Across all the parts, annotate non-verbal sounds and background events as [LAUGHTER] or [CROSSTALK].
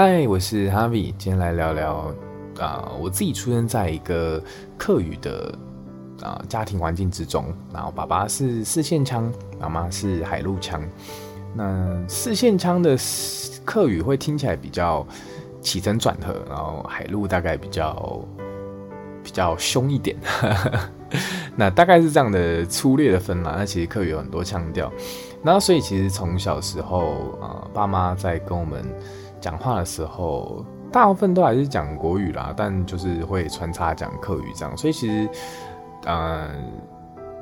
嗨，Hi, 我是 Harvie。今天來聊聊啊、呃，我自己出生在一個客語的啊、呃、家庭環境之中，然後爸爸是四縣腔，媽媽是海陸腔。那四縣腔的客語會聽起來比較起承轉合，然後海陸大概比較比較凶一點。 [LAUGHS] 那大概是這樣的粗略的分嘛。那其實客語有很多腔調，那所以其實從小時候啊、呃，爸媽在跟我們。講話的時候，大部分都還是講國語啦，但就是會穿插講客語這樣。所以其實，嗯、呃，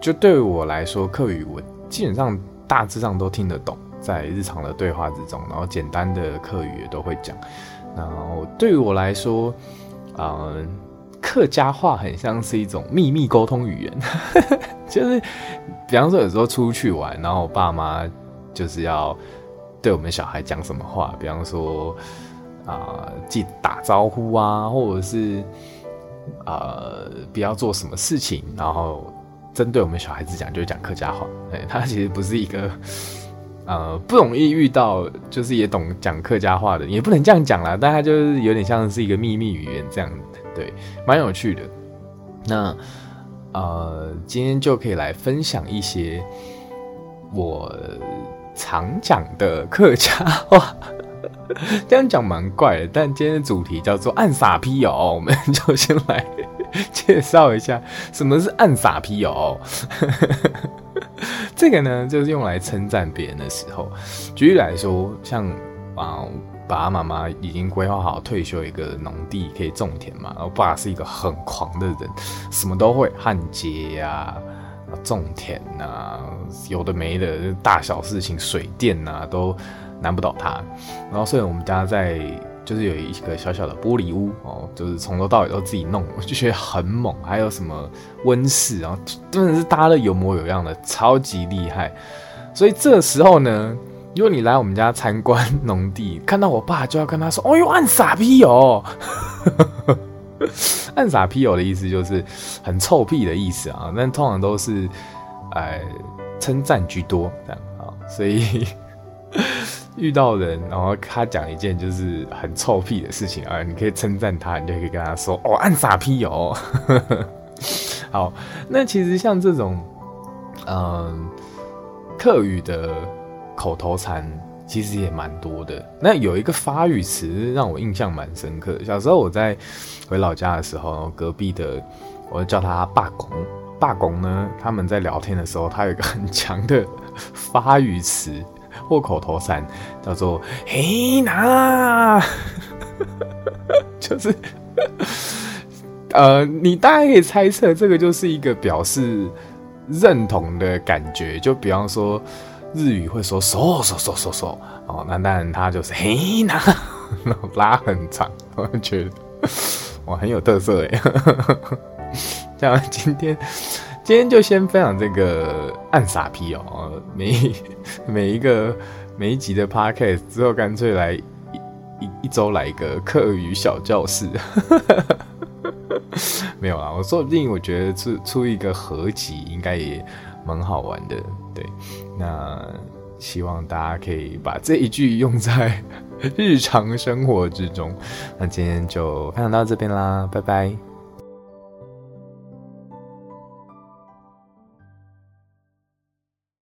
就對我來說，客語我基本上大致上都聽得懂，在日常的對話之中，然後簡單的客語也都會講。然後對於我來說，呃，客家話很像是一種秘密溝通語言， [LAUGHS] 就是比方說有時候出去玩，然後我爸媽就是要。對我們小孩講什麼話？比方說，啊、呃，既打招呼啊，或者是，呃，不要做什麼事情。然後針對我們小孩子講，就講客家話。對，他其實不是一個，呃，不容易遇到，就是也懂講客家話的，也不能這樣講啦。但他就是有點像是一個秘密語言這樣，對，蠻有趣的。那，呃，今天就可以來分享一些我。常講的客家話，這樣講蠻怪的。但今天的主題叫做按撒批 ㄛ，我們就先來介紹一下什麼是按撒批 ㄛ。這個呢，就是用來稱讚別人的時候。舉例來說，像啊，爸爸媽媽已經規劃好退休一個農地可以種田嘛，然後爸是一個很狂的人，什麼都會焊接呀，啊。種田吶、啊，有的沒的，大小事情、水電吶、啊，都難不倒他。然後，雖然我們家在，就是有一個小小的玻璃屋哦，就是從頭到尾都自己弄，我就覺得很猛。還有什麼溫室啊，然後真的是搭的有模有樣的，超級厲害。所以這時候呢，如果你來我們家參觀農地，看到我爸，就要跟他說：“哎呦，按撒批哦！” [LAUGHS] 暗按撒批 ㄛ 的意思就是很臭屁的意思啊，但通常都是哎稱讚居多這樣啊，好，所以呵呵遇到人，然後他講一件就是很臭屁的事情啊，呃，你可以稱讚他，你就可以跟他說哦，暗按撒批 ㄛ。 [LAUGHS] 好，那其實像這種嗯、呃、客語的口頭禪。其實也蠻多的。那有一個發語詞讓我印象蠻深刻。小時候我在回老家的時候，隔壁的我叫他霸公。霸公呢，他們在聊天的時候，他有一個很強的發語詞或口頭禪，叫做“嘿哪”，就是呃，你大概可以猜測，這個就是一個表示認同的感覺，就比方說。日語會說嗖嗖嗖嗖嗖哦，那但他就是嘿，那、hey, nah、拉很長，我覺得哇，很有特色哎。那 [LAUGHS] 今天今天就先分享這個按撒批哦，每每一個每一集的 podcast 之後，乾脆來一一周來一個課餘小教室， [LAUGHS] 沒有啦？我說不定我覺得出出一個合集，應該也蠻好玩的。對，那希望大家可以把這一句用在日常生活之中。那今天就分享到這邊啦，拜拜。